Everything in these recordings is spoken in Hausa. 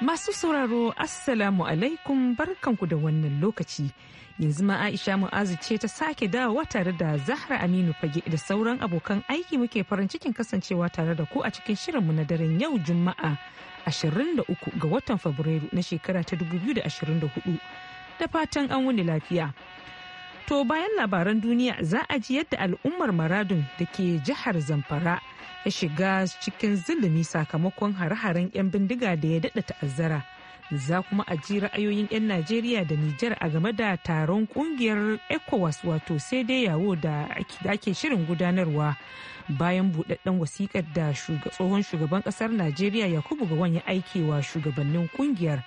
Masu sauraro Assalamu alaikum barkanku da wannan lokaci. Yanzu ma Aisha Mu'azu ce ta sake dawowa tare da Zahra Aminu Fage da sauran abokan aiki muke farin cikin kasancewa tare da ku a cikin shirinmu na daren yau Juma'a 23 ga watan Fabrairu na shekara ta 2024. Da fatan an wuni lafiya. To bayan labaran duniya za a ji yadda al'ummar maradun da ke jihar Zamfara ya shiga cikin zulumi sakamakon hare-haren 'yan bindiga da ya daɗa ta'azzara. Za kuma a ji ra'ayoyin 'yan Najeriya da Nijar a game da taron ƙungiyar ECOWAS wato sai dai yawo da ake shirin gudanarwa bayan buɗaɗɗen wasikar da tsohon shugaban ƙasar Najeriya Yakubu Gowon ya aikewa shugabannin ƙungiyar.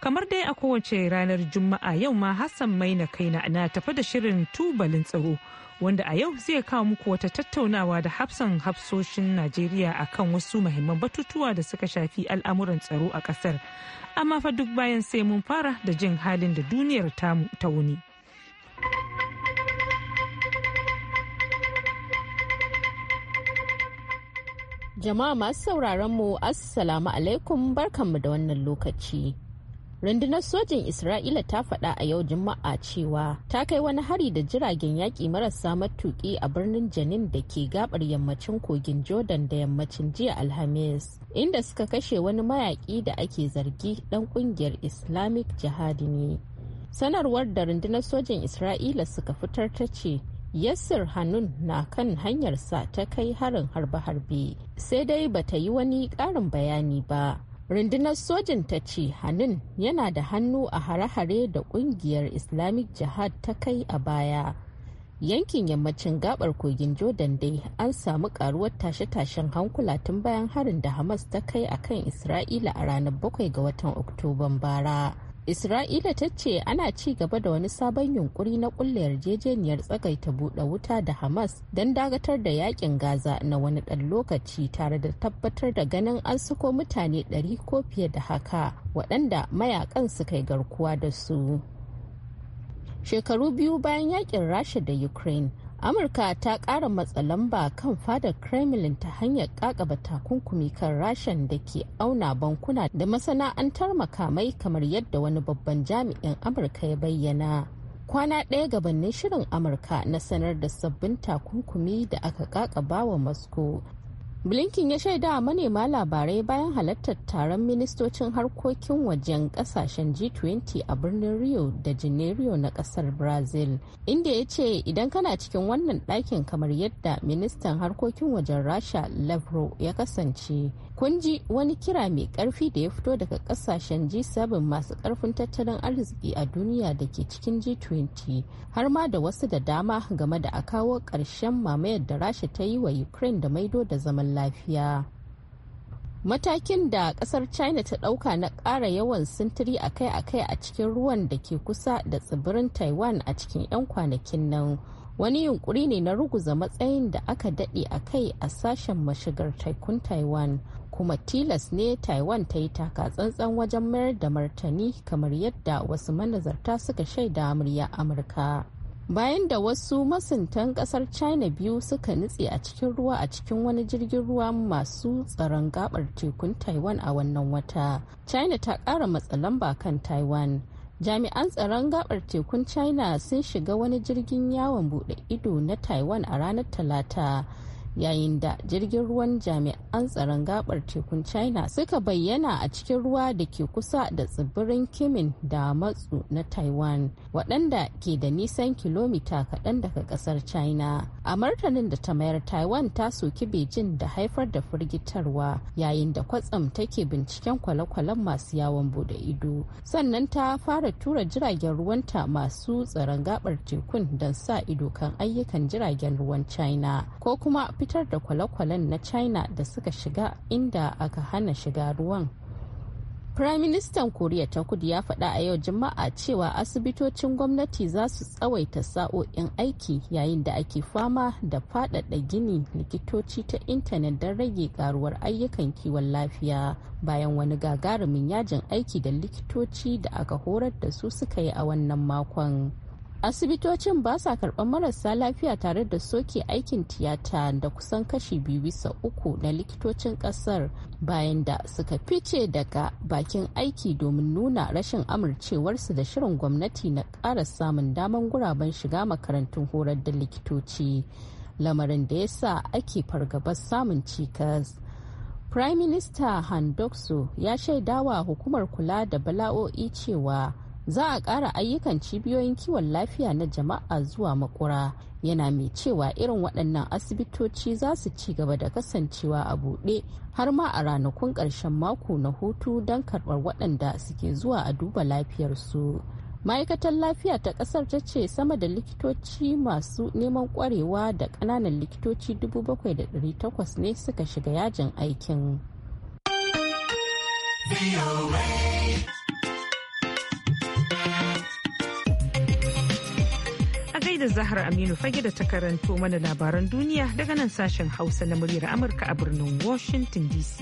kamar dai a kowace ranar juma'a yau ma hassan maina kai na tafa da shirin tubalin tsaro wanda a yau zai kawo muku wata tattaunawa da hafsan hafsoshin najeriya akan wasu mahimman batutuwa da suka shafi al'amuran tsaro a kasar amma fa duk bayan sai mun fara da jin halin da duniyar tamu ta wuni jama'a masu sauraron mu assalamu alaikum barkanmu da wannan lokaci rundunar sojin isra'ila ta faɗa a yau juma'a cewa ta kai wani hari da jiragen yaƙi marasa matuƙi a birnin janin da ke gabar yammacin kogin jordan da yammacin jiya alhamis inda suka kashe wani mayaƙi da ake zargi ɗan ƙungiyar islamic jihadi ne sanarwar da rundunar sojin isra'ila suka fitar ta ce yassir hannun na kan hanyarsa ta kai harin harbe-harbe sai dai bata yi wani ƙarin bayani ba rundunar sojin ta ce hannun yana da hannu a hare-hare da kungiyar islamic jihad ta kai a baya yankin yammacin gabar kogin jordan dai an samu karuwar tashe-tashen hankula tun bayan harin da hamas ta kai a kan isra'ila a ranar 7 ga watan oktoban bara Isra'ila ta ce ana ci gaba da wani sabon yunkuri na kulle yarjejeniyar tsagaita buɗe wuta da Hamas don dagatar da yakin Gaza na wani ɗan lokaci tare da tabbatar da ganin an suko mutane ɗari ko fiye da haka waɗanda mayakan suka yi garkuwa da su. Shekaru biyu bayan yakin Rasha da Ukraine amurka ta ƙara matsa lamba kan fadar kremlin ta hanyar kakaba takunkumi kan rashen da ke auna bankuna da masana'antar makamai kamar yadda wani babban jami'in amurka ya bayyana kwana ɗaya gabanin shirin amurka na sanar da sabbin takunkumi da aka kakaba wa moscow blinken ya shaida a manema labarai bayan halartar taron ministocin harkokin wajen kasashen g20 a birnin rio da janeiro na kasar brazil inda ya ce idan kana cikin wannan ɗakin kamar yadda ministan harkokin wajen rasha lavrov ya kasance kun ji wani kira mai karfi da ya fito daga kasashen G7 masu karfin tattalin arziki a duniya da ke cikin G20 har ma da wasu da dama game da a kawo ƙarshen mamayar da Rasha ta yi wa Ukraine da maido da zaman lafiya. Matakin da kasar China ta ɗauka na ƙara yawan sintiri akai-akai a cikin ruwan da ke kusa da tsibirin Taiwan a cikin 'yan kwanakin nan wani yunkuri ne na ruguza matsayin da aka daɗe a kai a sashen mashigar taikun taiwan kuma tilas ne taiwan ta yi taka tsantsan wajen mayar da martani kamar yadda wasu manazarta suka shaida murya amurka bayan da wasu masuntan kasar china biyu suka nutse a cikin ruwa a cikin wani jirgin ruwa masu tsaron gabar tekun taiwan a wannan wata china ta kara matsa lamba kan taiwan jami'an tsaron gabar tekun china sun shiga wani jirgin yawon bude ido na taiwan a ranar talata yayin da jirgin ruwan jami'an tsaron gabar tekun china suka bayyana a cikin ruwa da ke kusa da tsibirin kimin da matsu na taiwan waɗanda ke da nisan kilomita kaɗan daga ƙasar china a martanin da ta mayar taiwan ta soki beijing da haifar da firgitarwa yayin da kwatsam take binciken kwale-kwalen masu yawon bude ido sannan ta fara tura jiragen ruwanta masu tsaron gabar tekun don sa ido kan ayyukan jiragen ruwan china ko kuma fitar da kwale-kwalen na china da suka shiga inda aka hana shiga ruwan Firaministan Koriya ta kudu ya faɗa a yau Juma'a cewa asibitocin gwamnati za su tsawaita sa'o'in aiki yayin da ake fama da faɗaɗa gini likitoci ta intanet don rage karuwar ayyukan kiwon lafiya bayan wani gagarumin yajin aiki da likitoci da aka horar da su suka yi a wannan makon. asibitocin ba sa karɓar marasa lafiya tare da soke aikin tiyata da kusan kashi biyu bisa uku na likitocin ƙasar bayan da suka fice daga bakin aiki domin nuna rashin amurcewarsu da shirin gwamnati na ƙara samun daman guraben shiga makarantun horar da likitoci lamarin da ya sa ake fargabar samun cikas. Prime Minister Handokso ya shaidawa hukumar kula da bala'o'i cewa za a ƙara ayyukan cibiyoyin kiwon lafiya na jama'a zuwa makura yana mai cewa irin waɗannan asibitoci za su ci gaba da kasancewa a buɗe har ma a ranakun ƙarshen mako na hutu don karɓar waɗanda suke zuwa a duba lafiyarsu. ma'aikatar lafiya ta ƙasar ta ce sama da likitoci masu neman ƙwarewa da ƙananan likitoci 7,800 ne suka shiga yajin aikin. da Zahra Aminu fage da ta karanto mana labaran duniya daga nan sashen Hausa na muryar Amurka a birnin Washington DC.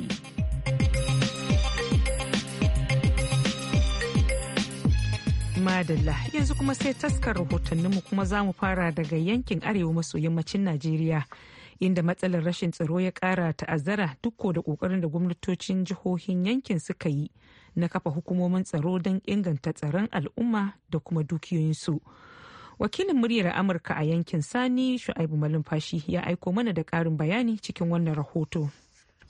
Madalla yanzu kuma sai taskar rahotanninmu kuma za mu fara daga yankin arewa maso yammacin Najeriya. inda matsalar rashin tsaro ya kara ta'azzara duk da kokarin da gwamnatocin jihohin yankin suka yi na kafa hukumomin tsaro don inganta tsaron al'umma da kuma dukiyoyinsu. wakilin muryar amurka a yankin sani shu'aibu malumfashi ya aiko mana da ƙarin bayani cikin wannan rahoto.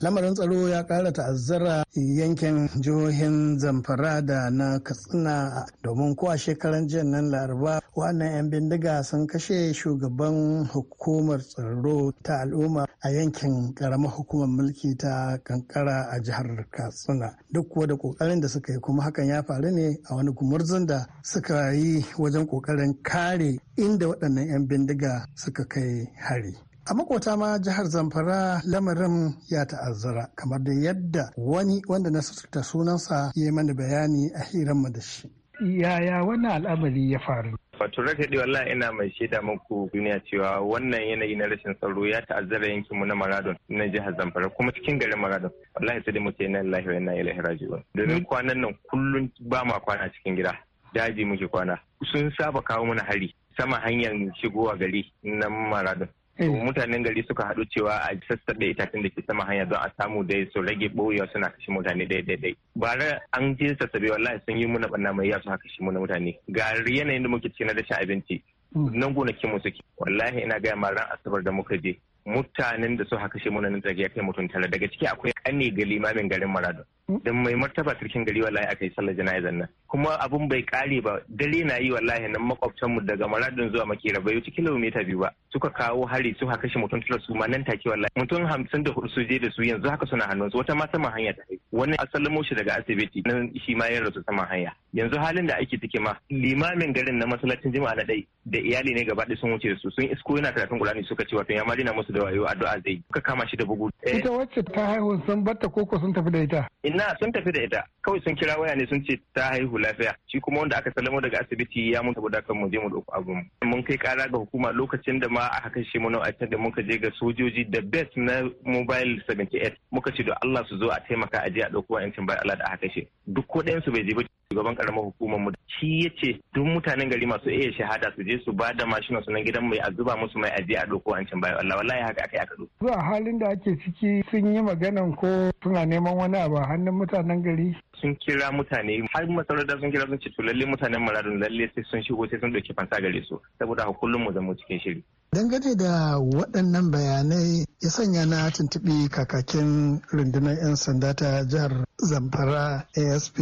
lamarin tsaro ya ƙara ta'azzara yankin jihohin zamfara da na katsina domin kuwa shekaran jiya nan laraba wannan 'yan bindiga sun kashe shugaban hukumar tsaro ta al'umma a yankin ƙaramar hukumar mulki ta kankara a jihar katsina duk kuwa da ƙoƙarin da suka yi kuma hakan ya faru ne a wani gumurzun da suka yi wajen ƙoƙarin kare inda waɗannan 'yan bindiga suka kai hari A makota ma jihar Zamfara lamarin ya ta'azzara kamar da yadda wani wanda na suturta sunansa ya yi mana bayani a hiranmu da shi. Yaya wannan al'amari ya faru? wato na daɗe wallah ina mai shaida muku duniya cewa wannan yanayi na rashin tsaro ya ta'azzara yankinmu na maradon na jihar zamfara kuma cikin garin maradon wallahi sai dai mu ce na lillahi wa inna ilaihi raji'un domin kwanan nan kullum ba ma kwana cikin gida daji muke kwana sun saba kawo mana hari sama hanyar shigowa gari na maradon to mm. mutanen gari suka hadu cewa a sassaɗe itacen da ke sama hanya don a samu dai su rage ɓoyewa suna kashe mutane daidai bara an je sassaɓe wallahi sun yi muna ɓanna mai yasu su haka shi muna mutane ga yanayin da muke cikin na rashin abinci mm. nan gonakin mu suke wallahi ina gaya ma ran asabar da muka je mutanen da su haka shi muna nan ya kai mutum tara daga ciki akwai kani ga limamin garin maradon da mai martaba turkin gari wallahi aka yi sallar jana'izar nan kuma abun bai kare ba dare na yi wallahi nan makwabtan mu daga maradin zuwa makera bai wuce kilomita biyu ba suka kawo hari suka kashe mutum tara su ma nan take wallahi mutum hamsin da hudu su je da su yanzu haka suna hannun wata ma sama hanya ta kai wani asalin shi daga asibiti nan shi ma ya rasu sama hanya yanzu halin da ake take ma limamin garin na masallacin jima'a na dai da iyali ne gaba sun wuce da su sun isko yana karatun Qur'ani suka ce wato ya ma dina musu da wayo addu'a zai ka kama shi da bugu ita wacce ta haihu sun batta koko sun tafi da ita ina sun tafi da ita kawai sun kira waya ne sun ce ta haihu lafiya shi kuma wanda aka salamo daga asibiti ya mun saboda kan mu je mu dauko abun mun kai kara ga hukuma lokacin da ma aka kashe mu a da muka je ga sojoji da best na mobile 78 muka ce da Allah su zo a taimaka a je a dauko yancin bai Allah da aka shi duk ko su bai je ba shugaban karamar hukumar mu shi ya ce duk mutanen gari masu iya shahada su je su ba da mashinan su gidan mai a zuba musu mai ajiya a doko an can bayo Allah wallahi haka aka aka doko. Zuwa halin da ake ciki sun yi maganan ko suna neman wani abu hannun mutanen gari. sun kira mutane har masarauta sun kira sun ce to lalle mutanen maradun lalle sai sun shigo sai sun doke fansa gare su saboda hukumar kullum mu zama cikin shiri Dangane da waɗannan bayanai ya sanya na tuntuɓi kakakin rundunar 'yan sanda ta jihar Zamfara ASP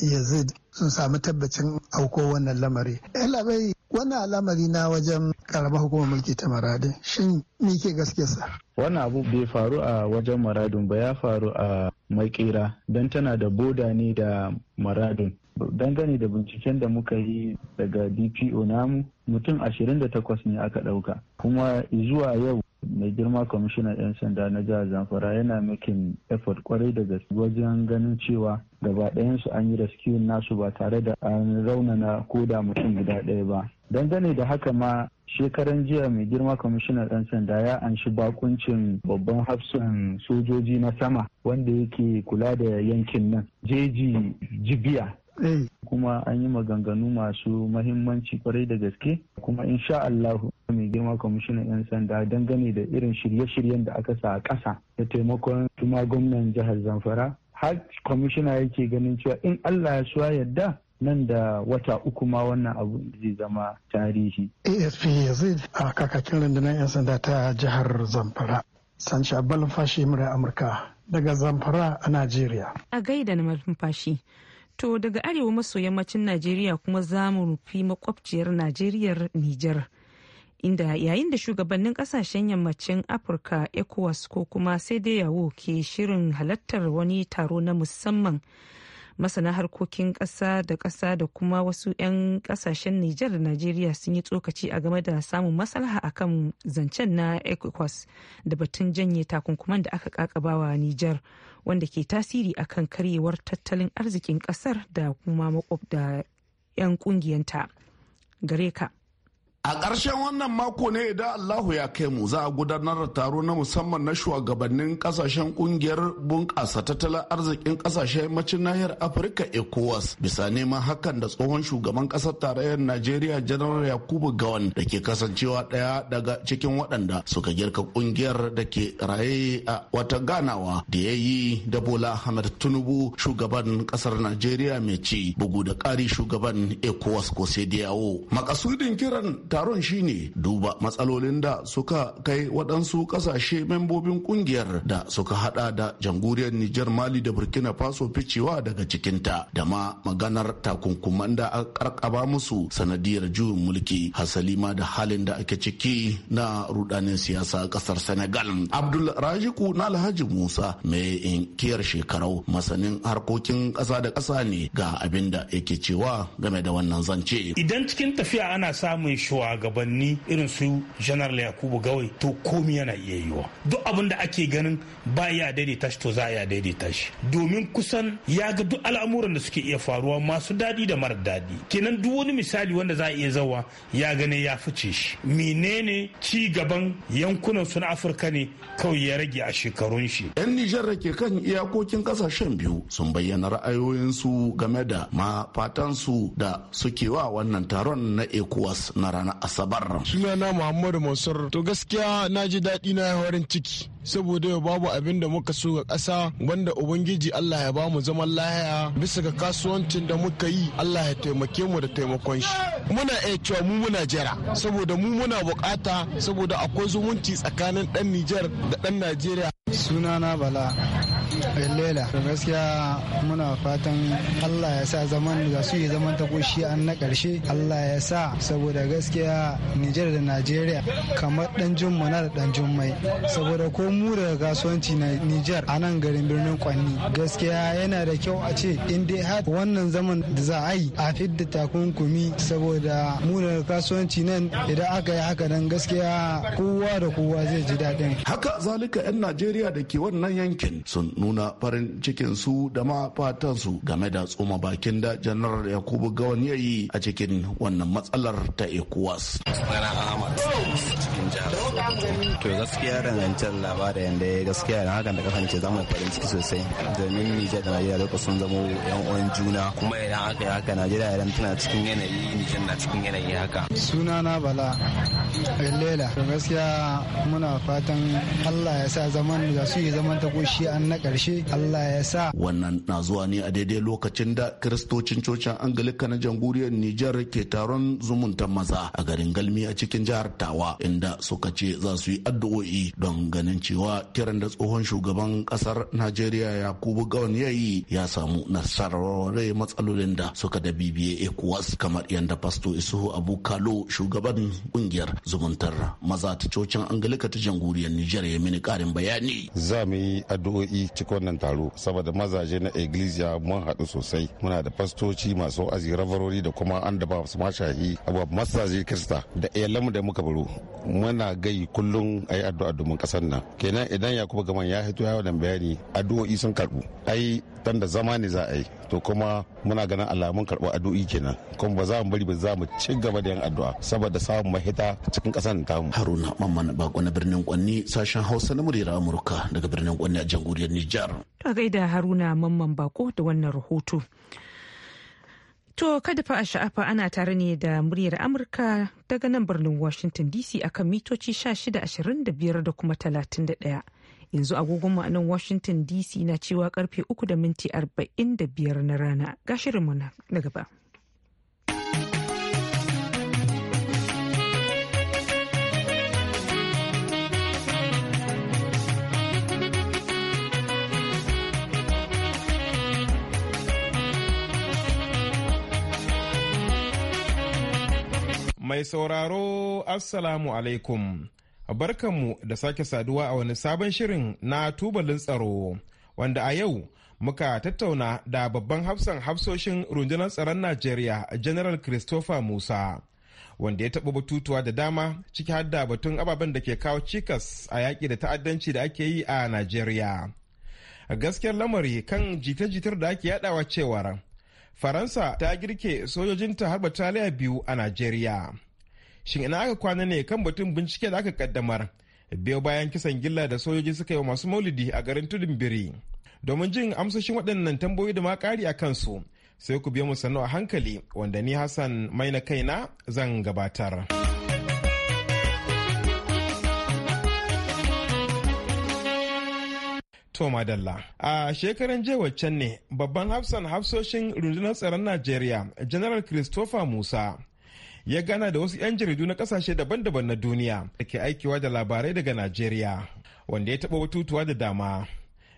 Yazid sun samu tabbacin auko wannan lamari. Eh, labai wannan lamari na wajen karamar hukumar mulki ta Maradi shin ni ke gaskiyarsa? Wannan abu bai faru a wajen Maradun ba ya faru a Makera don tana da boda ne da Maradun. dangane da binciken da muka yi daga dpo namu mutum 28 ne aka ɗauka kuma zuwa yau mai girma kwamishinan 'yan sanda na jihar zamfara yana makin effort kwarai daga gaske wajen ganin cewa gaba ɗayansu an yi rescue nasu ba tare da an raunana ko da mutum guda ɗaya ba dangane da haka ma shekaran jiya mai girma kwamishinan 'yan sanda ya anshi bakuncin babban hafsun sojoji na sama wanda yake kula da yankin nan jeji jibiya Eh. kuma an yi maganganu masu mahimmanci kwarai da gaske kuma insha Allah mai girma kwamishinan 'yan sanda dangane da irin shirye-shiryen da aka sa a ƙasa da taimakon kuma gwamnan jihar Zamfara har kwamishina yake ganin cewa in Allah ya suwa yadda nan da wata uku ma wannan abu zai zama tarihi. ASP Yazid a kakakin rundunar 'yan sanda ta jihar Zamfara. Sanci Abbalin Fashi Amurka daga Zamfara a Najeriya. A gaida na fashi. To daga arewa maso yammacin Najeriya kuma za mu rufi makwabciyar Najeriyar Nijar. Inda yayin da shugabannin kasashen yammacin Afirka ECOWAS ko kuma sai dai yawo ke shirin halartar wani taro na musamman masana harkokin ƙasa da ƙasa da kuma wasu 'yan ƙasashen nijar da najeriya sun yi tsokaci a game da samun maslaha akan zancen na ecowas da batun janye takunkuman da aka kakabawa nijar wanda ke tasiri akan karyewar tattalin arzikin ƙasar da kuma makwabda 'yan ƙungiyanta gare ka A ƙarshen wannan mako ne idan Allahu ya kai mu za a gudanar da taro na musamman na shugabannin ƙasashen ƙungiyar bunƙasa tattalin arzikin ƙasashen macin nahiyar Afirka ECOWAS bisa neman hakan da tsohon shugaban ƙasar tarayyar Najeriya Janar Yakubu Gawan da ke kasancewa ɗaya daga cikin waɗanda suka girka ƙungiyar da ke raye a wata ganawa da ya yi da Bola Ahmed Tinubu shugaban ƙasar Najeriya mai ci bugu da ƙari shugaban ECOWAS ko sai Makasudin kiran taron shine duba matsalolin da suka kai waɗansu ƙasashe membobin ƙungiyar da suka hada da jamhuriyar Nijar Mali da Burkina Faso ficewa daga cikinta da ma maganar takunkuman da aka karkaba musu sanadiyar juyin mulki hasalima da halin da ake ciki na rudanin siyasa ƙasar Senegal. Abdul Rajiku na Alhaji Musa mai inkiyar shekarau masanin harkokin ƙasa da ƙasa ne ga abin da yake cewa game da wannan zance. Idan cikin tafiya ana samun shuwa gabanni irin su janar yakubu gawai to komi yana iya yiwa duk abin da ake ganin ba ya daidaita shi to za a daidaita shi domin kusan ya ga duk al'amuran da suke iya faruwa masu daɗi da mara daɗi kenan duk wani misali wanda za a iya zawa ya gane ya fice shi menene ci gaban yankunan su na afirka ne kawai ya rage a shekarun shi yan nijar da ke kan iyakokin kasashen biyu sun bayyana ra'ayoyinsu game da ma fatansu da suke wa wannan taron na ecowas na rana asabar sunana muhammadu mansur to gaskiya na ji daɗi na horin ciki saboda ya babu abin da muka so ga ƙasa wanda ubangiji Allah ya ba mu zaman lahiya bisa ga kasuwancin da muka yi Allah ya taimake mu da taimakon shi muna iya cewa mu muna jira saboda mu muna bukata saboda akwai zumunci tsakanin ɗan Nijar da ɗan Najeriya sunana bala lela gaskiya muna fatan allah ya sa zaman da su yi zaman ta koshi an na karshe allah ya sa saboda gaskiya nijar da najeriya kamar dan jumma na da dan jummai saboda ko mu daga kasuwanci na nijar a nan garin birnin kwanni gaskiya yana da kyau a ce in dai har wannan zaman da za a yi a fidda takunkumi saboda mu daga kasuwanci nan idan aka yi haka nan gaskiya kowa da kowa zai ji daɗin haka zalika 'yan najeriya da ke wannan yankin sun nuna farin cikin su da ma fatan su game da tsoma bakin da janar yakubu gawan ya yi a cikin wannan matsalar ta ecowas to gaskiya da dangantar labarin da gaskiya da hakan da kasance zama farin ciki sosai domin nijar da najeriya lokacin zamo yan uwan juna kuma idan aka yi haka najeriya idan tana cikin yanayi nijar na cikin yanayi haka sunana bala lela to gaskiya muna fatan allah ya sa zaman da su yi zaman ta goshi an na karshe Allah ya sa. Wannan na zuwa ne a daidai lokacin da kiristocin cocin Angalika na jamhuriyar Nijar ke taron zumunta maza a garin Galmi a cikin jihar Tawa inda suka ce za su yi addu'o'i don ganin cewa kiran da tsohon shugaban kasar Najeriya Yakubu Gawan ya yi ya samu nasarar matsalolin da suka da BBA ECOWAS kamar yadda Pasto Isuhu Abu Kalo shugaban kungiyar zumuntar maza ta cocin Angalika ta jamhuriyar Nijar ya mini karin bayani. Za mu yi addu'o'i ciki wannan taro saboda mazaje na iglesia mun haɗu sosai muna da fastoci masu azi ravarori da kuma an da ba su mashahi abuwa masaje kirista da iyalanmu da muka baro muna gai kullum a yi addu'a domin kasar nan kenan idan yakubu gaman ya hito ya wannan bayani addu'o'i sun karɓu ai dan da zama ne za a yi to kuma muna ganin alamun karɓar addu'i kenan kuma ba za mu bari ba za mu ci gaba da yin addu'a saboda samun mahita cikin ƙasar tamu haruna mamman bako na birnin kwanni sashen hausa na muryar amurka daga birnin kwanni a jamhuriyar nijar a gaida haruna mamman bako da wannan rahoto To kada fa a sha'afa ana tare ne da muryar Amurka daga nan birnin Washington DC akan mitoci 1625 da biyar da kuma 31. yanzu agogonmu a nan washington dc na cewa karfe 3 da minti 45 na rana gashirinmu na gaba Mai sauraro Assalamu alaikum barkanmu da sake saduwa a wani sabon shirin na tubalin tsaro wanda a yau muka tattauna da babban hafsan hafsoshin rundunar tsaron najeriya general christopher musa wanda ya taɓa batutuwa da dama ciki har da batun ababen da ke kawo cikas a yaƙi da ta'addanci da ake yi a najeriya gaskiyar lamari kan jita-jitar da ake yadawa cewar faransa ta girke sojojinta har bataliya biyu a najeriya shin ina aka kwana ne kan batun bincike da aka kaddamar biyo bayan kisan gilla da sojoji suka yi wa masu maulidi a garin tudun biri domin jin amsoshin waɗannan tambayoyi da ma ƙari a kansu sai ku biyo mu sannu a hankali wanda ni hassan mai na kaina zan gabatar. Toma A shekaran jiya ne babban hafsan hafsoshin rundunar tsaron Najeriya, General Christopher Musa ya gana da wasu 'yan jaridu na kasashe daban-daban na duniya da ke aikewa da labarai daga Najeriya, wanda ya taɓa batutuwa da dama.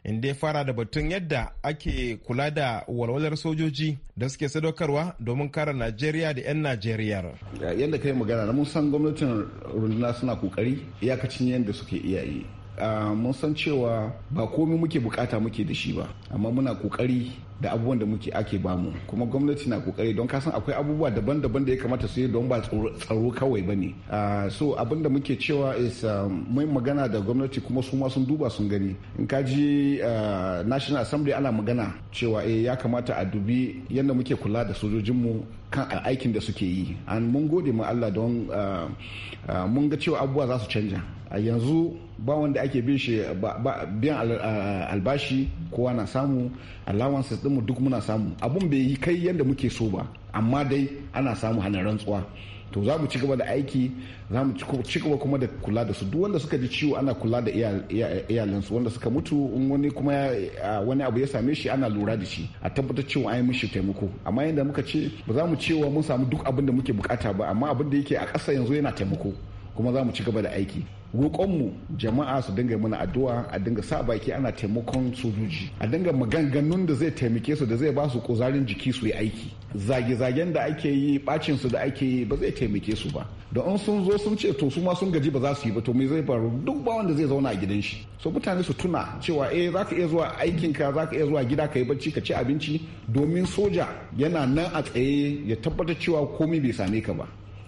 Inda ya fara da batun yadda ake kula da walwalar sojoji da suke sadaukarwa domin kare Najeriya da 'yan Najeriya. Yadda kai magana na mun san gwamnatin runduna suna kokari iyakacin yadda suke iyaye. Ah, mun san cewa ba komi muke bukata muke da shi ba amma muna kokari da abubuwan da muke ake bamu kuma gwamnati na kokari don kasan akwai abubuwa daban-daban da ya kamata su yi don ba tsaro kawai ba ne ah, so abin da muke cewa is ah, mai magana da gwamnati kuma su ma sun duba sun gani in ka ji national assembly ana magana cewa eh, ya kamata a dubi yadda muke kula da sojojinmu kan aikin da suke yi an mun gode ma Allah don mun ga cewa abubuwa za su canja a yanzu ba wanda ake bin shi biyan albashi kowa na samu alawansa dinmu duk muna samu abun bai yi kai yadda muke so ba amma dai ana samu hana rantsuwa to za mu ci gaba da aiki za mu ci gaba kuma da kula da su duk wanda suka ji ciwo ana kula da iyalinsu wanda suka mutu wani kuma wani abu ya same shi ana lura da shi a tabbatar cewa an yi mishi taimako amma yadda muka ce ba za mu cewa mun samu duk abin da muke bukata ba amma abin da yake a ƙasa yanzu yana taimako kuma za mu ci gaba da aiki roƙonmu jama'a su dinga mana addu'a a dinga sa baki ana taimakon sojoji a dinga maganganun da zai taimake su da zai ba su kuzarin jiki su yi aiki zage-zagen da ake yi bacin su da ake yi ba zai taimake su ba da an sun zo sun ce to su ma sun gaji ba za su yi ba to me zai faru duk ba wanda zai zauna a gidan shi so mutane su tuna cewa eh za ka iya zuwa aikin ka za ka iya zuwa gida ka yi bacci ka ci abinci domin soja yana nan a tsaye ya tabbatar cewa komai bai same ka ba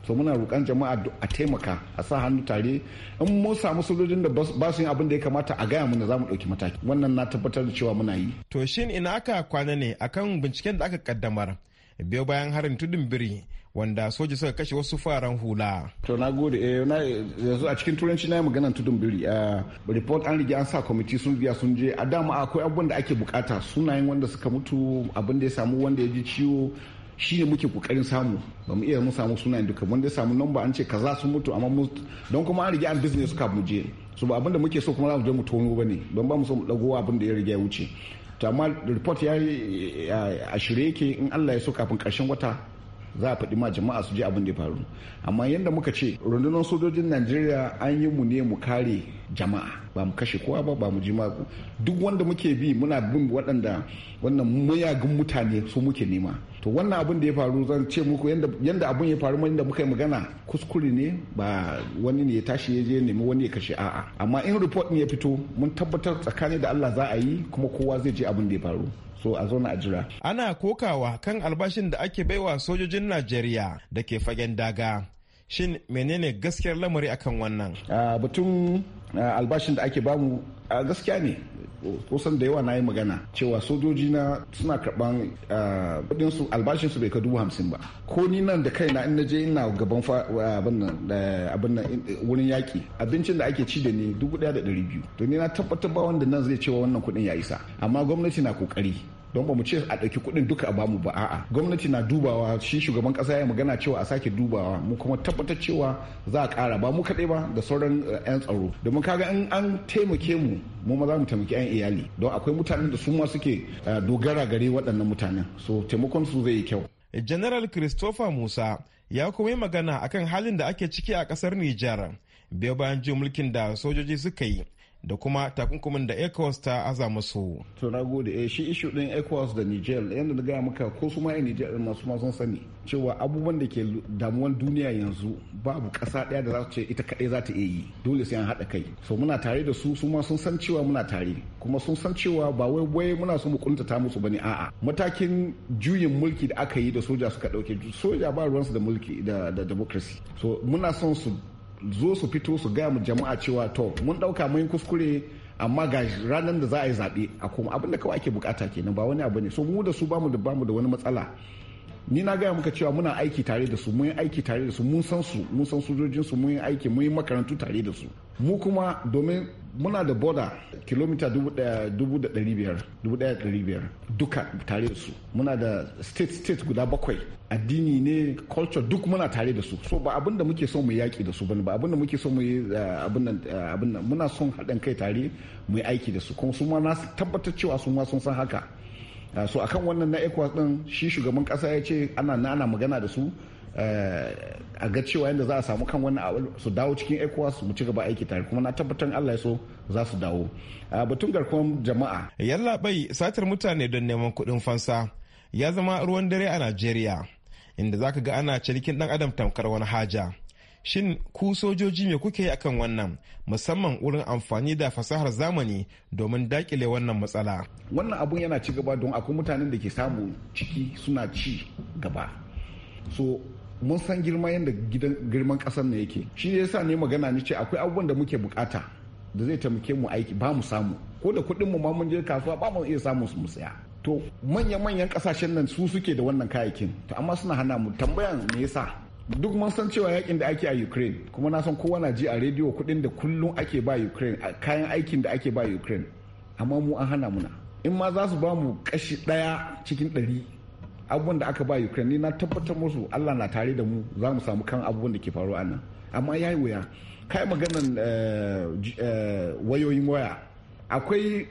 so muna roƙan jama'a a taimaka a sa hannu tare in mun samu sojojin da ba su yin abin da ya kamata a gaya mana za mu ɗauki mataki wannan na tabbatar da cewa muna yi. to shin ina aka kwana ne akan binciken da aka kaddamar biyo bayan harin tudun biri wanda soja suka kashe wasu faran hula. To na gode eh na yanzu a cikin turanci na yi maganar tudun biri a ah, report an rige an sa kwamiti sun biya sun je a dama akwai abubuwan da ake bukata sunayen wanda suka mutu abin da ya samu wanda ya ji ciwo shi ne muke kokarin samu ba mu iya mu samu suna duka wanda ya samu namba an ce kaza sun mutu amma mu don kuma an rige an business ka mu je so ba abin da muke so kuma za mu je mu tono ba ne don ba mu so mu dago abin da ya rige ya wuce to amma report ya a shirye yake in Allah ya so kafin karshen wata za a faɗi ma jama'a su je abin da ya faru amma yadda muka ce rundunar sojojin Najeriya an yi mu ne mu kare jama'a ba mu kashe kowa ba ba mu ji magu duk wanda muke bi muna bin waɗanda wannan mayagun mutane su muke nema to wannan abin da ya faru zan ce muku yanda abin ya faru da muka yi magana kuskure ne ba wani ne ya tashi ya je nemi wani ya kashe a'a amma in report ne ya fito mun tabbatar tsakani da Allah za a yi kuma kowa zai je abin da ya faru so a zauna a jira. Ana kokawa kan albashin da ake baiwa sojojin Najeriya da ke fagen daga. Shin menene gaskiyar lamari akan wannan? Ah, batun albashin da ake bamu a gaskiya ne kusan da yawa na yi magana cewa sojoji na suna karban kudin su albashin su bai ka dubu hamsin ba ko ni nan da kaina in naje ina gaban wurin yaki abincin da ake ci da ni dubu daya da dari biyu to ni na tabbatar ba wanda nan zai cewa wannan kudin ya isa amma gwamnati na kokari don ba mu ce a ɗauki kuɗin duka a bamu ba a'a gwamnati na dubawa shi shugaban ƙasa ya magana cewa a sake dubawa mu kuma tabbatar cewa za a ƙara ba mu kaɗai ba da sauran eh, 'yan tsaro domin kaga in an taimake mu mu ma za mu taimaki 'yan iyali don akwai mutanen da su ma suke eh, dogara gare waɗannan mutanen so taimakon su zai yi kyau general christopher musa ya kuma yi magana akan halin da ake ciki a kasar nijar biyo bayan jin mulkin da sojoji suka yi da kuma takunkumin da ecowas ta aza musu. to na gode eh shi ishu din ecowas da niger yadda na gaya maka ko su ma yan niger din masu sun sani cewa abubuwan da ke damuwan duniya yanzu babu kasa daya da za ce ita kaɗai za ta iya yi dole sai an haɗa kai so muna tare da su su ma sun san cewa muna tare kuma sun san cewa ba wai wai muna so mu kuntata musu bane a'a matakin juyin mulki da aka yi da soja suka ɗauke soja ba ruwansu da mulki da democracy so muna son su zo su fito su gaya mu jama'a cewa to mun dauka mun kuskure amma ga ranar da za a yi zaɓe a kuma abin da kawai ake bukata kenan ba wani abu ne so mu da su bamu da bamu da wani matsala ni na gaya muka cewa muna aiki tare da su mun aiki tare da su mun san su mun san sojojin su mun aiki mun yi makarantu tare da su mu kuma domin muna da boda kilomita 1,500 duka tare da su muna da state state guda bakwai addini ne culture duk muna tare da su so ba abinda da muke son mu yaki da su bane ba abinda da muke son mu yi eh, abinda eh, muna son haɗin kai tare mu yi aiki da su kuma su ma na tabbatar cewa su ma sun san haka Uh, so akan wannan na ecowas din shi shugaban kasa ya ce ana ana magana da su uh, a ga cewa yadda za a samu kan wannan su dawo cikin ecowas mu ci gaba aiki tare kuma na tabbatar allah ya so za su dawo uh, batun garkuwar jama'a yalla bai satar mutane don neman kuɗin fansa ya zama ruwan dare a najeriya inda zaka ga ana cinikin dan adam tamkar wani haja Shin ku sojoji me kuke yi akan wannan musamman wurin amfani da fasahar zamani domin dakile wannan matsala? Wannan abun yana ci gaba don akwai mutanen da ke samu ciki suna ci gaba. So mun san girma yadda gidan girman kasar ne yake. Shi ne yasa ne magana ni ce akwai abubuwan da muke bukata da zai taimake mu aiki ba mu samu. Ko da kuɗin mu ma mun je kasuwa ba mu iya samu mu saya. To manya-manyan kasashen nan su suke da wannan kayayyakin. To amma suna hana mu tambayan me yasa duk mun san cewa yakin da ake a ukraine kuma na san kowa na ji a rediyo kudin da kullum ake ba ukraine a kayan aikin da ake ba ukraine amma mu an hana muna in ma za su ba mu kashi daya cikin dari abubuwan da aka ba ukraine ni na tabbatar musu allah na tare da mu za mu samu kan abubuwan da ke faru a nan amma ya yi wuya kai maganan eh, eh, wayoyin waya akwai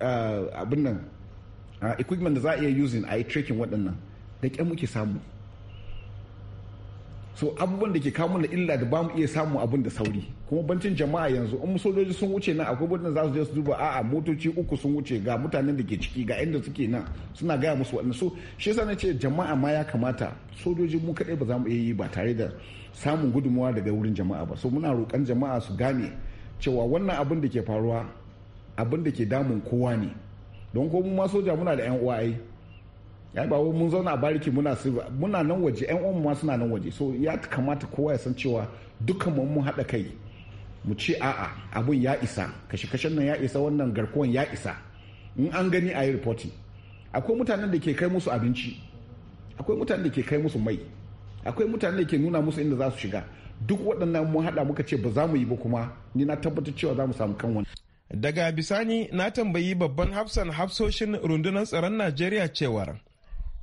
eh, abin nan ah, equipment da za a iya using a yi tracking waɗannan da ƙyan muke samu so abubuwan da ke kawo da illa da bamu iya samu abin da sauri kuma bancin jama'a yanzu in sojoji sun wuce nan akwai wadanda za su je su duba a'a motoci uku sun wuce ga mutanen da ke ciki ga inda suke nan suna gaya musu waɗanda so shi yasa na ce jama'a ma ya kamata sojoji mu kaɗai ba za mu iya yi ba tare da samun gudunmawa daga wurin jama'a ba so muna roƙan jama'a su gane cewa wannan abin da ke faruwa abin da ke damun kowa ne don ko mu ma soja muna da 'yan uwa ai ya ba mun zauna a bariki muna muna nan waje yan uwan ma suna nan waje so ya kamata kowa ya san cewa dukkan mu mun haɗa kai mu ce a'a abun ya isa kashe-kashen nan ya isa wannan garkuwan ya isa in an gani a yi reporting akwai mutanen da ke kai musu abinci akwai mutanen da ke kai musu mai akwai mutanen da ke nuna musu inda za su shiga duk waɗannan mun haɗa muka ce ba za mu yi ba kuma ni na tabbatar cewa za mu samu kan wani daga bisani na tambayi babban hafsan hafsoshin rundunar tsaron najeriya cewar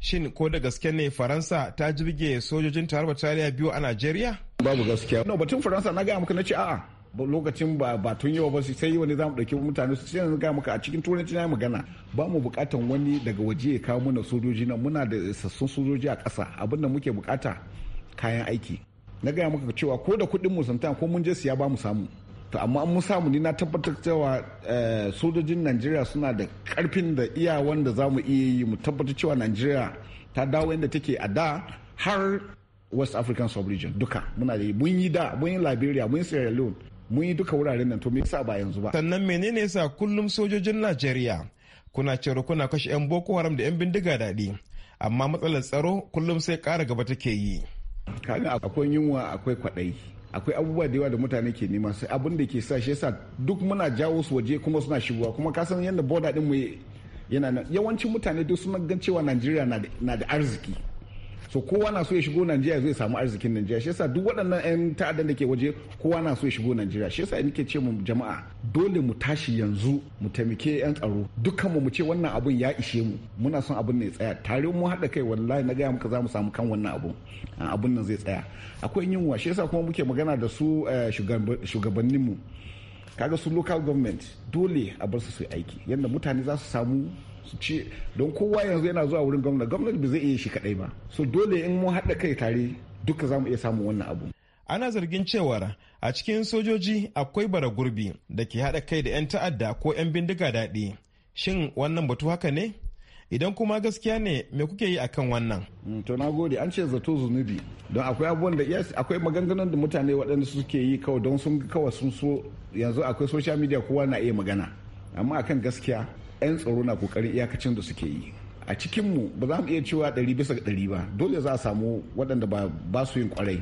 shin ko da gaske ne faransa ta jirge sojojin tarar bataliya biyu a najeriya babu gaskiya no batun faransa na gaya maka na ce a'a lokacin ba ba tun yau ba sai wani zamu dauki mutane su sai gaya maka a cikin turanci na magana ba mu bukatan wani daga waje ya kawo mana sojoji na muna da sassun sojoji a ƙasa abinda muke bukata kayan aiki na gaya maka cewa ko da kuɗin mu ko mun je siya ba mu samu to amma an musa ni na tabbatar cewa eh, sojojin najeriya suna da karfin da iya wanda za mu iya yi mu tabbatar cewa najeriya ta dawo inda take a da har west african sub-region duka muna da mun yi da mun yi liberia mun yi sierra leone mun yi duka wuraren nan to me yasa ba yanzu ba sannan menene yasa kullum sojojin najeriya kuna cero kuna kashe yan boko haram da yan bindiga daɗi amma matsalar tsaro kullum sai ƙara gaba take yi kaga akwai yunwa akwai kwaɗayi akwai abubuwa da yawa da mutane ke nema sai abin da ke sa shi yasa duk muna jawo su waje kuma suna shigowa kuma ka san yadda boda din mu yana yawancin mutane duk suna gan cewa Najeriya na da arziki so kowa na so ya shigo Najeriya zai samu arzikin Najeriya shi yasa duk waɗannan 'yan ta'addan da ke waje kowa na so ya shigo Najeriya shi yasa nake ce mu jama'a dole mu tashi yanzu mu taimake 'yan tsaro dukkanmu mu ce wannan abun ya ishe mu muna son abun ne ya tsaya tare mu haɗa kai wallahi na gaya muka za mu samu kan wannan abun ah, abun nan zai tsaya akwai yunwa shi yasa kuma muke magana da su eh, shugabanninmu kaga su local government dole a bar su su aiki yadda mutane za su samu ci don kowa yanzu yana zuwa wurin gwamna gwamnati ba zai iya shi kadai ba so dole in mun haɗa kai tare duka za mu iya samun wannan abu ana zargin cewar a cikin sojoji akwai bara gurbi da ke haɗa kai da 'yan ta'adda ko 'yan bindiga daɗi shin wannan batu haka ne idan kuma gaskiya ne me kuke yi akan wannan mm, to na gode an ce zato zunubi don akwai abubuwan da akwai maganganun da mutane waɗanda suke yi kawai don sun kawai sun so yanzu akwai social media kowa na iya magana amma akan gaskiya 'yan tsaro na kokarin iyakacin da suke yi a cikinmu ba za mu iya cewa ɗari bisa ga ɗari ba dole za a samu waɗanda ba su yin kwarai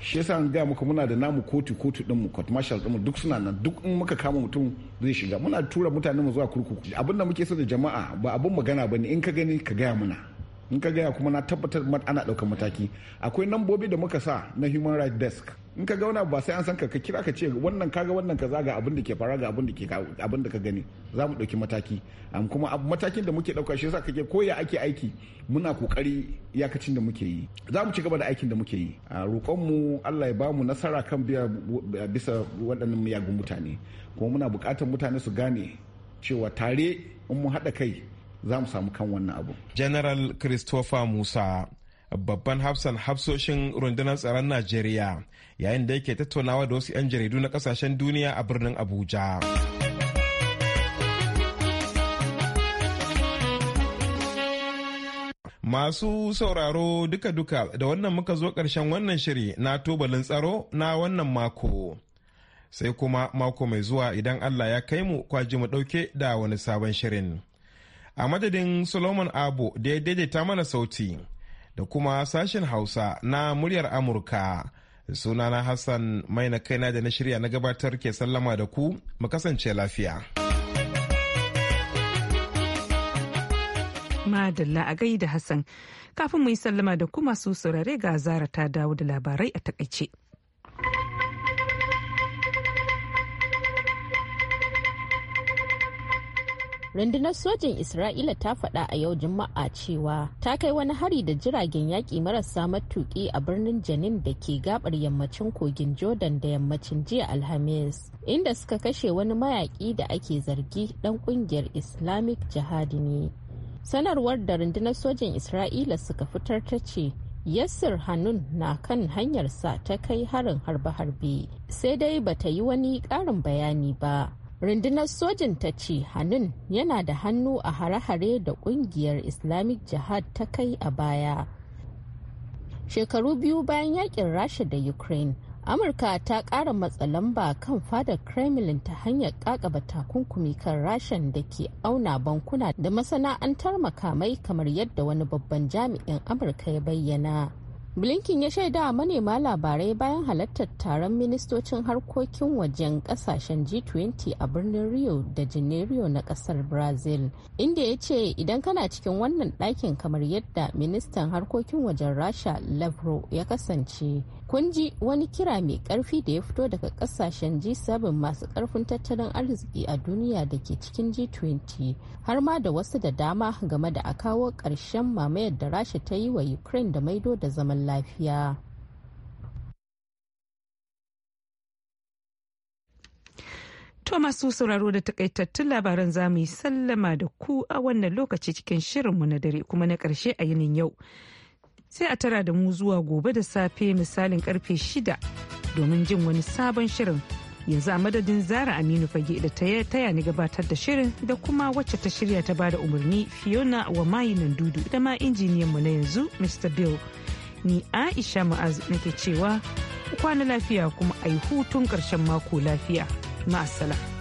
shi yasa an gaya muka muna da namu kotu kotu ɗinmu court martial ɗinmu duk suna nan duk in muka kama mutum zai shiga muna tura mutanen mu zuwa kurkuku abin da muke so da jama'a ba abin magana ne in ka gani ka gaya muna in ka gaya kuma na tabbatar ana daukar mataki akwai nambobi da muka sa na human rights desk in ka ga wani ba sai an san ka ka kira ka ce wannan kaga wannan kaza ga abin da ke fara ga abin da ke abin da ka gani za mu ɗauki mataki am kuma matakin da muke ɗauka shi yasa kake ko ya ake aiki muna kokari yakacin da muke yi za mu ci gaba da aikin da muke yi a roƙon mu Allah ya bamu nasara kan biya bisa waɗannan miyagun mutane kuma muna buƙatar mutane su gane cewa tare in mu haɗa kai za mu samu kan wannan abu. General Christopher Musa babban hafsan hafsoshin rundunar tsaron Najeriya yayin da yake tattaunawa da wasu 'yan jaridu na kasashen duniya a birnin Abuja. Masu sauraro duka-duka da wannan muka zo ƙarshen wannan shiri na tubalin tsaro na wannan mako. Sai kuma mako mai zuwa idan Allah ya kai mu kwaji mu ɗauke da wani sabon shirin. a madadin solomon abo da ya daidaita mana sauti da kuma sashen hausa na muryar amurka sunana hassan mai na kaina da na shirya na gabatar ke sallama da ku mu kasance lafiya madalla a gaida hassan kafin mu yi sallama da ku masu saurare ga zara ta dawo da labarai a takaice. rundunar sojin isra'ila ta faɗa a yau juma'a cewa ta kai wani hari da jiragen yaƙi marasa matuƙi a birnin janin da ke gabar yammacin kogin jordan da yammacin jiya alhamis inda suka kashe wani mayaƙi da ake zargi ɗan ƙungiyar islamic jihadi ne sanarwar da rundunar sojin isra'ila suka fitar ta ce yassir hannun na kan hanyarsa ta kai harin harbe-harbe sai dai bata yi wani ƙarin bayani ba rundunar sojin ta ce hannun yana da hannu a hare-hare da kungiyar islamic jihad ta kai a baya shekaru biyu bayan yakin rasha da ukraine amurka ta ƙara matsa lamba kan fadar kremlin ta hanyar kakaba takunkumi kan rashan da ke auna bankuna da masana'antar makamai kamar yadda wani babban jami'in amurka ya bayyana blinken ya shaida a manema labarai bayan halartar taron ministocin harkokin wajen kasashen g20 a birnin rio da janeiro na kasar brazil inda ya ce idan kana cikin wannan ɗakin kamar yadda ministan harkokin wajen rasha lavrov ya kasance kun ji wani kira mai karfi da ya fito daga kasashen G7 masu karfin tattalin arziki a duniya da ke cikin G20 har ma da wasu da dama game da akawo kawo ƙarshen mamayar da Rasha ta yi wa Ukraine da maido da zaman lafiya. To masu sauraro da takaitattun labaran za mu yi sallama da ku a wannan lokaci cikin shirinmu na dare kuma na ƙarshe a yinin yau. sai a tara da mu zuwa gobe da safe misalin karfe shida domin jin wani sabon shirin yanzu a madadin zara aminu fage da ta taya ni gabatar da shirin da kuma wacce ta shirya ta bada umarni fiona wa mayi nan dudu da ma injiniyan mu na yanzu mr bill ni aisha ma'az nake cewa kwana lafiya kuma a yi hutun ƙarshen mako lafiya ma'asala.